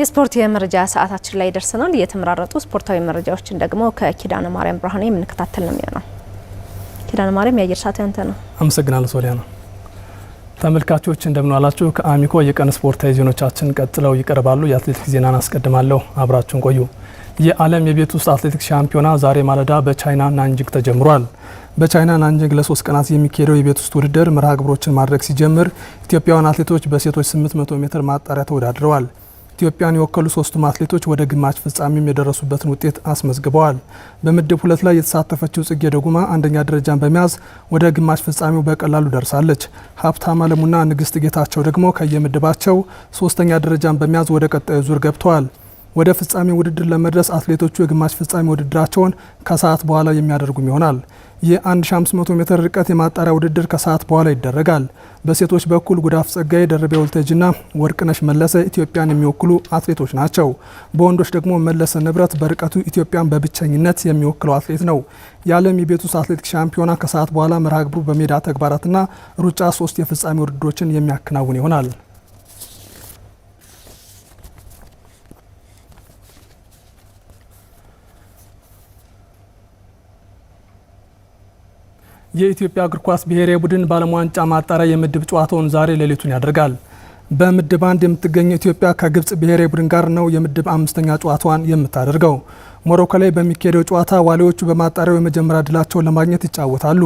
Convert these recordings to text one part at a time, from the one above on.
የስፖርት የመረጃ ሰዓታችን ላይ ደርሰናል። የተመራረጡ ስፖርታዊ መረጃዎችን ደግሞ ከኪዳነ ማርያም ብርሃኔ የምንከታተል ነው የሚሆነው። ኪዳነ ማርያም የአየር ሰዓት ያንተ ነው። አመሰግናለሁ ሶሊያ ነው። ተመልካቾች እንደምን አላችሁ? ከአሚኮ የቀን ስፖርታዊ ዜናዎቻችን ቀጥለው ይቀርባሉ። የአትሌቲክስ ዜናን አስቀድማለሁ። አብራችሁን ቆዩ። የዓለም የቤት ውስጥ አትሌቲክስ ሻምፒዮና ዛሬ ማለዳ በቻይና ናንጂንግ ተጀምሯል። በቻይና ናንጂንግ ለሶስት ቀናት የሚካሄደው የቤት ውስጥ ውድድር መርሃ ግብሮችን ማድረግ ሲጀምር ኢትዮጵያውያን አትሌቶች በሴቶች 800 ሜትር ማጣሪያ ተወዳድረዋል። ኢትዮጵያን የወከሉ ሶስቱም አትሌቶች ወደ ግማሽ ፍጻሜም የደረሱበትን ውጤት አስመዝግበዋል። በምድብ ሁለት ላይ የተሳተፈችው ጽጌ ደጉማ አንደኛ ደረጃን በመያዝ ወደ ግማሽ ፍጻሜው በቀላሉ ደርሳለች። ሀብታም አለሙና ንግስት ጌታቸው ደግሞ ከየምድባቸው ሶስተኛ ደረጃን በመያዝ ወደ ቀጣዩ ዙር ገብተዋል። ወደ ፍጻሜ ውድድር ለመድረስ አትሌቶቹ የግማሽ ፍጻሜ ውድድራቸውን ከሰዓት በኋላ የሚያደርጉም ይሆናል። የ1500 ሜትር ርቀት የማጣሪያ ውድድር ከሰዓት በኋላ ይደረጋል። በሴቶች በኩል ጉዳፍ ጸጋይ፣ ደርቤ ወልተጅና ወርቅነሽ መለሰ ኢትዮጵያን የሚወክሉ አትሌቶች ናቸው። በወንዶች ደግሞ መለሰ ንብረት በርቀቱ ኢትዮጵያን በብቸኝነት የሚወክለው አትሌት ነው። የዓለም የቤት ውስጥ አትሌቲክስ ሻምፒዮና ከሰዓት በኋላ መርሃ ግብሩ በሜዳ ተግባራትና ሩጫ ሶስት የፍጻሜ ውድድሮችን የሚያከናውን ይሆናል። የኢትዮጵያ እግር ኳስ ብሔራዊ ቡድን በዓለም ዋንጫ ማጣሪያ የምድብ ጨዋታውን ዛሬ ሌሊቱን ያደርጋል። በምድብ አንድ የምትገኘው ኢትዮጵያ ከግብጽ ብሔራዊ ቡድን ጋር ነው የምድብ አምስተኛ ጨዋታዋን የምታደርገው። ሞሮኮ ላይ በሚካሄደው ጨዋታ ዋሊዎቹ በማጣሪያው የመጀመሪያ ድላቸውን ለማግኘት ይጫወታሉ።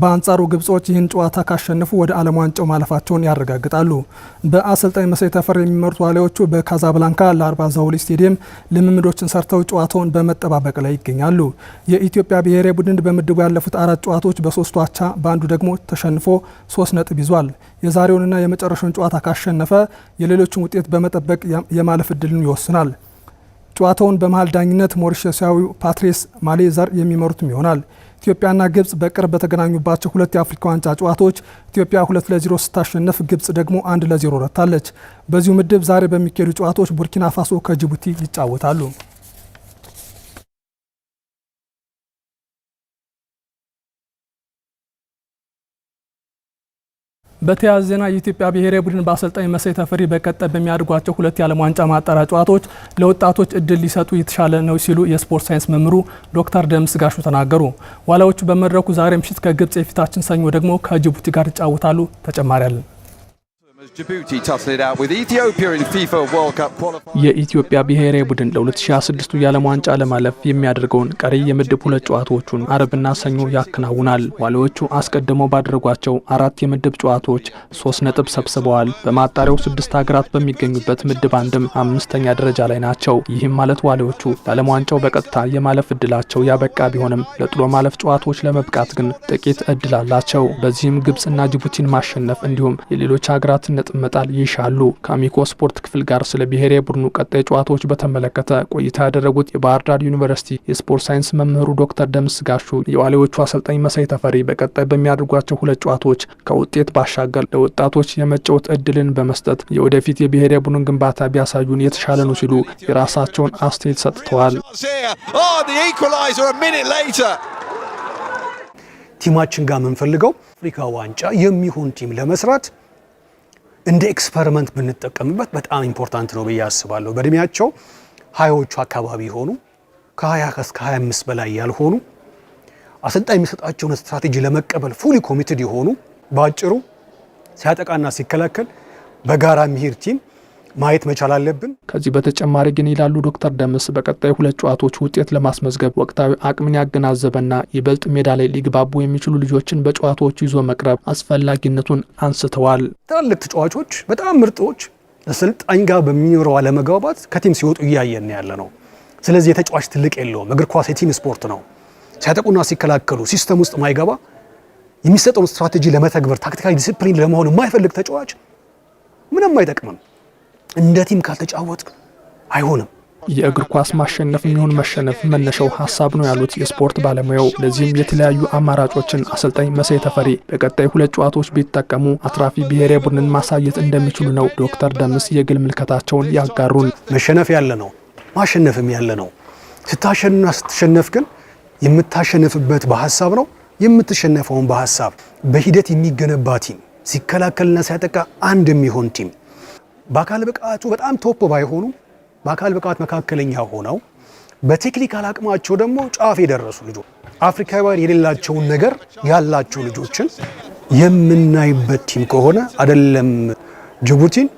በአንጻሩ ግብጾች ይህን ጨዋታ ካሸነፉ ወደ ዓለም ዋንጫው ማለፋቸውን ያረጋግጣሉ። በአሰልጣኝ መሳይ ተፈር የሚመሩት ዋሊዎቹ በካዛብላንካ ለአርባ ዛውሊ ስቴዲየም ልምምዶችን ሰርተው ጨዋታውን በመጠባበቅ ላይ ይገኛሉ። የኢትዮጵያ ብሔራዊ ቡድን በምድቡ ያለፉት አራት ጨዋታዎች በሶስቱ አቻ፣ በአንዱ ደግሞ ተሸንፎ ሶስት ነጥብ ይዟል። የዛሬውንና የመጨረሻውን ጨዋታ ካሸነፈ ካሸነፈ የሌሎችን ውጤት በመጠበቅ የማለፍ እድልን ይወስናል። ጨዋታውን በመሀል ዳኝነት ሞሪሸሲያዊው ፓትሬስ ማሌዘር የሚመሩትም ይሆናል። ኢትዮጵያና ግብጽ በቅርብ በተገናኙባቸው ሁለት የአፍሪካ ዋንጫ ጨዋታዎች ኢትዮጵያ ሁለት ለዜሮ ስታሸነፍ ግብጽ ደግሞ አንድ ለዜሮ ረታለች። በዚሁ ምድብ ዛሬ በሚካሄዱ ጨዋታዎች ቡርኪና ፋሶ ከጅቡቲ ይጫወታሉ። በተያያዘ ዜና የኢትዮጵያ ብሔራዊ ቡድን በአሰልጣኝ መሳይ ተፈሪ በቀጣይ በሚያደርጓቸው ሁለት የዓለም ዋንጫ ማጣሪያ ጨዋታዎች ለወጣቶች እድል ሊሰጡ የተሻለ ነው ሲሉ የስፖርት ሳይንስ መምህሩ ዶክተር ደምስ ጋሹ ተናገሩ። ዋላዎቹ በመድረኩ ዛሬ ምሽት ከግብጽ የፊታችን ሰኞ ደግሞ ከጅቡቲ ጋር ይጫወታሉ። ተጨማሪ አለን። የኢትዮጵያ ብሔራዊ ቡድን ለ2026 የዓለም ዋንጫ ለማለፍ የሚያደርገውን ቀሪ የምድብ ሁለት ጨዋታዎቹን አርብና ሰኞ ያከናውናል። ዋሊያዎቹ አስቀድመው ባደረጓቸው አራት የምድብ ጨዋታዎች ሶስት ነጥብ ሰብስበዋል። በማጣሪያው ስድስት ሀገራት በሚገኙበት ምድብ አንድም አምስተኛ ደረጃ ላይ ናቸው። ይህም ማለት ዋሊያዎቹ ለዓለም ዋንጫው በቀጥታ የማለፍ እድላቸው ያበቃ ቢሆንም ለጥሎ ማለፍ ጨዋታዎች ለመብቃት ግን ጥቂት እድል አላቸው። በዚህም ግብፅና ጅቡቲን ማሸነፍ እንዲሁም የሌሎች ሀገራት ነጥብ መጣል ይሻሉ። ከአሚኮ ስፖርት ክፍል ጋር ስለ ብሔራዊ ቡድኑ ቀጣይ ጨዋታዎች በተመለከተ ቆይታ ያደረጉት የባህር ዳር ዩኒቨርሲቲ የስፖርት ሳይንስ መምህሩ ዶክተር ደምስ ጋሹ የዋሌዎቹ አሰልጣኝ መሳይ ተፈሪ በቀጣይ በሚያደርጓቸው ሁለት ጨዋታዎች ከውጤት ባሻገር ለወጣቶች የመጫወት እድልን በመስጠት የወደፊት የብሔራዊ ቡድን ግንባታ ቢያሳዩን የተሻለ ነው ሲሉ የራሳቸውን አስተያየት ሰጥተዋል። ቲማችን ጋር የምንፈልገው አፍሪካ ዋንጫ የሚሆን ቲም ለመስራት እንደ ኤክስፐሪመንት ብንጠቀምበት በጣም ኢምፖርታንት ነው ብዬ አስባለሁ። በእድሜያቸው ሀያዎቹ አካባቢ የሆኑ ከሀያ እስከ ሀያ አምስት በላይ ያልሆኑ አሰልጣኝ የሚሰጣቸውን ስትራቴጂ ለመቀበል ፉሊ ኮሚትድ የሆኑ በአጭሩ ሲያጠቃና ሲከላከል በጋራ የሚሄድ ቲም ማየት መቻል አለብን። ከዚህ በተጨማሪ ግን ይላሉ ዶክተር ደምስ በቀጣይ ሁለት ጨዋታዎች ውጤት ለማስመዝገብ ወቅታዊ አቅምን ያገናዘበና ይበልጥ ሜዳ ላይ ሊግባቡ የሚችሉ ልጆችን በጨዋታዎች ይዞ መቅረብ አስፈላጊነቱን አንስተዋል። ትላልቅ ተጫዋቾች በጣም ምርጦች አሰልጣኝ ጋር በሚኖረው አለመግባባት ከቲም ሲወጡ እያየን ያለ ነው። ስለዚህ የተጫዋች ትልቅ የለውም። እግር ኳስ የቲም ስፖርት ነው። ሲያጠቁና ሲከላከሉ ሲስተም ውስጥ ማይገባ የሚሰጠውን ስትራቴጂ ለመተግበር ታክቲካዊ ዲስፕሊን ለመሆን የማይፈልግ ተጫዋች ምንም አይጠቅምም። እንደ ቲም ካልተጫወት አይሆንም። የእግር ኳስ ማሸነፍ የሚሆን መሸነፍ መነሻው ሀሳብ ነው ያሉት የስፖርት ባለሙያው፣ ለዚህም የተለያዩ አማራጮችን አሰልጣኝ መሳይ ተፈሪ በቀጣይ ሁለት ጨዋታዎች ቢጠቀሙ አትራፊ ብሔራዊ ቡድንን ማሳየት እንደሚችሉ ነው ዶክተር ደምስ የግል ምልከታቸውን ያጋሩን። መሸነፍ ያለ ነው፣ ማሸነፍም ያለ ነው። ስታሸንፍና ስትሸነፍ ግን የምታሸንፍበት በሀሳብ ነው፣ የምትሸነፈውን በሀሳብ በሂደት የሚገነባ ቲም ሲከላከልና ሲያጠቃ አንድ የሚሆን ቲም በአካል ብቃቱ በጣም ቶፕ ባይሆኑ በአካል ብቃት መካከለኛ ሆነው በቴክኒካል አቅማቸው ደግሞ ጫፍ የደረሱ ልጆች አፍሪካውያን የሌላቸውን ነገር ያላቸው ልጆችን የምናይበት ቲም ከሆነ አይደለም ጅቡቲን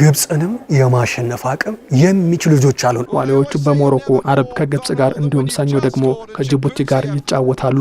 ግብፅንም የማሸነፍ አቅም የሚችሉ ልጆች አሉ። ዋሊያዎቹ በሞሮኮ አረብ ከግብፅ ጋር እንዲሁም ሰኞ ደግሞ ከጅቡቲ ጋር ይጫወታሉ።